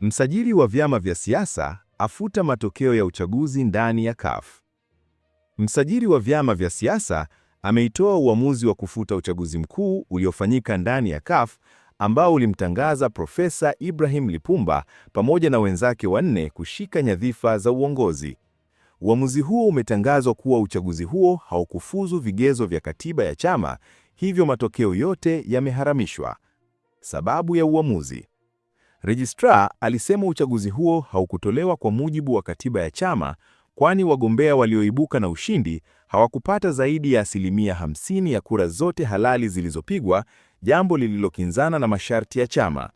Msajili wa vyama vya siasa afuta matokeo ya uchaguzi ndani ya CUF. Msajili wa vyama vya siasa ameitoa uamuzi wa kufuta uchaguzi mkuu uliofanyika ndani ya CUF ambao ulimtangaza Profesa Ibrahim Lipumba pamoja na wenzake wanne kushika nyadhifa za uongozi. Uamuzi huo umetangazwa kuwa uchaguzi huo haukufuzu vigezo vya katiba ya chama, hivyo matokeo yote yameharamishwa. Sababu ya uamuzi: Registrar alisema uchaguzi huo haukutolewa kwa mujibu wa katiba ya chama, kwani wagombea walioibuka na ushindi hawakupata zaidi ya asilimia 50 ya kura zote halali zilizopigwa, jambo lililokinzana na masharti ya chama.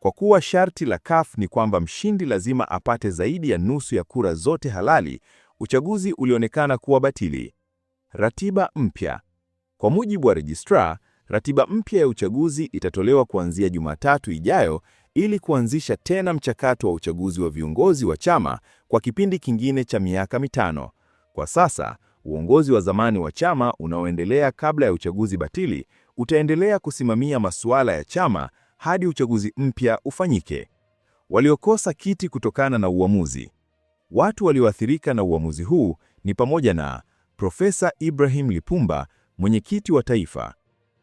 Kwa kuwa sharti la CUF ni kwamba mshindi lazima apate zaidi ya nusu ya kura zote halali, uchaguzi ulionekana kuwa batili. Ratiba mpya. Kwa mujibu wa registrar, ratiba mpya ya uchaguzi itatolewa kuanzia Jumatatu ijayo ili kuanzisha tena mchakato wa uchaguzi wa viongozi wa chama kwa kipindi kingine cha miaka mitano. Kwa sasa, uongozi wa zamani wa chama unaoendelea kabla ya uchaguzi batili utaendelea kusimamia masuala ya chama hadi uchaguzi mpya ufanyike. Waliokosa kiti kutokana na uamuzi. Watu walioathirika na uamuzi huu ni pamoja na Profesa Ibrahim Lipumba, mwenyekiti wa taifa,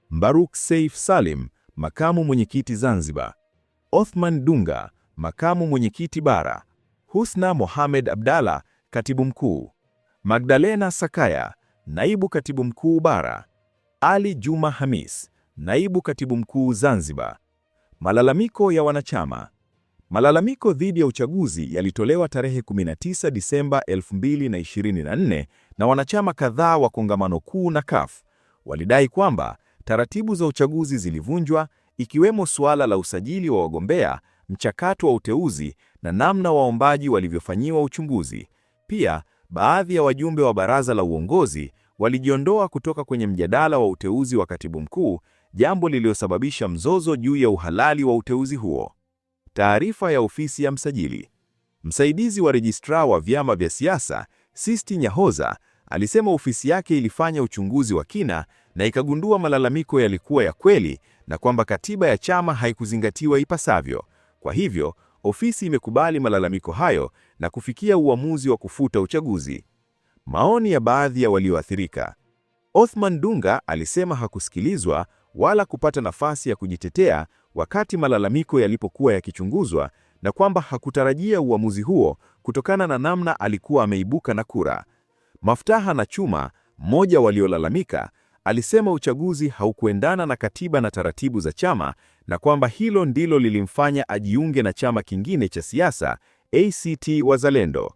Mbaruk Seif Salim, makamu mwenyekiti Zanzibar, Othman Dunga, makamu mwenyekiti bara, Husna Mohamed Abdalla, katibu mkuu, Magdalena Sakaya, naibu katibu mkuu bara, Ali Juma Hamis, naibu katibu mkuu Zanzibar. Malalamiko ya wanachama. Malalamiko dhidi ya uchaguzi yalitolewa tarehe 19 Disemba 2024 na wanachama kadhaa wa kongamano kuu na CUF. Walidai kwamba taratibu za uchaguzi zilivunjwa ikiwemo suala la usajili wa wagombea, mchakato wa uteuzi na namna waombaji walivyofanyiwa uchunguzi. Pia, baadhi ya wajumbe wa baraza la uongozi walijiondoa kutoka kwenye mjadala wa uteuzi wa katibu mkuu, jambo lililosababisha mzozo juu ya uhalali wa uteuzi huo. Taarifa ya ofisi ya msajili. Msaidizi wa rejistra wa vyama vya siasa, Sisti Nyahoza Alisema ofisi yake ilifanya uchunguzi wa kina na ikagundua malalamiko yalikuwa ya kweli na kwamba katiba ya chama haikuzingatiwa ipasavyo. Kwa hivyo, ofisi imekubali malalamiko hayo na kufikia uamuzi wa kufuta uchaguzi. Maoni ya baadhi ya walioathirika. Othman Dunga alisema hakusikilizwa wala kupata nafasi ya kujitetea wakati malalamiko yalipokuwa yakichunguzwa na kwamba hakutarajia uamuzi huo kutokana na namna alikuwa ameibuka na kura. Maftaha na Chuma, mmoja waliolalamika, alisema uchaguzi haukuendana na katiba na taratibu za chama na kwamba hilo ndilo lilimfanya ajiunge na chama kingine cha siasa ACT Wazalendo.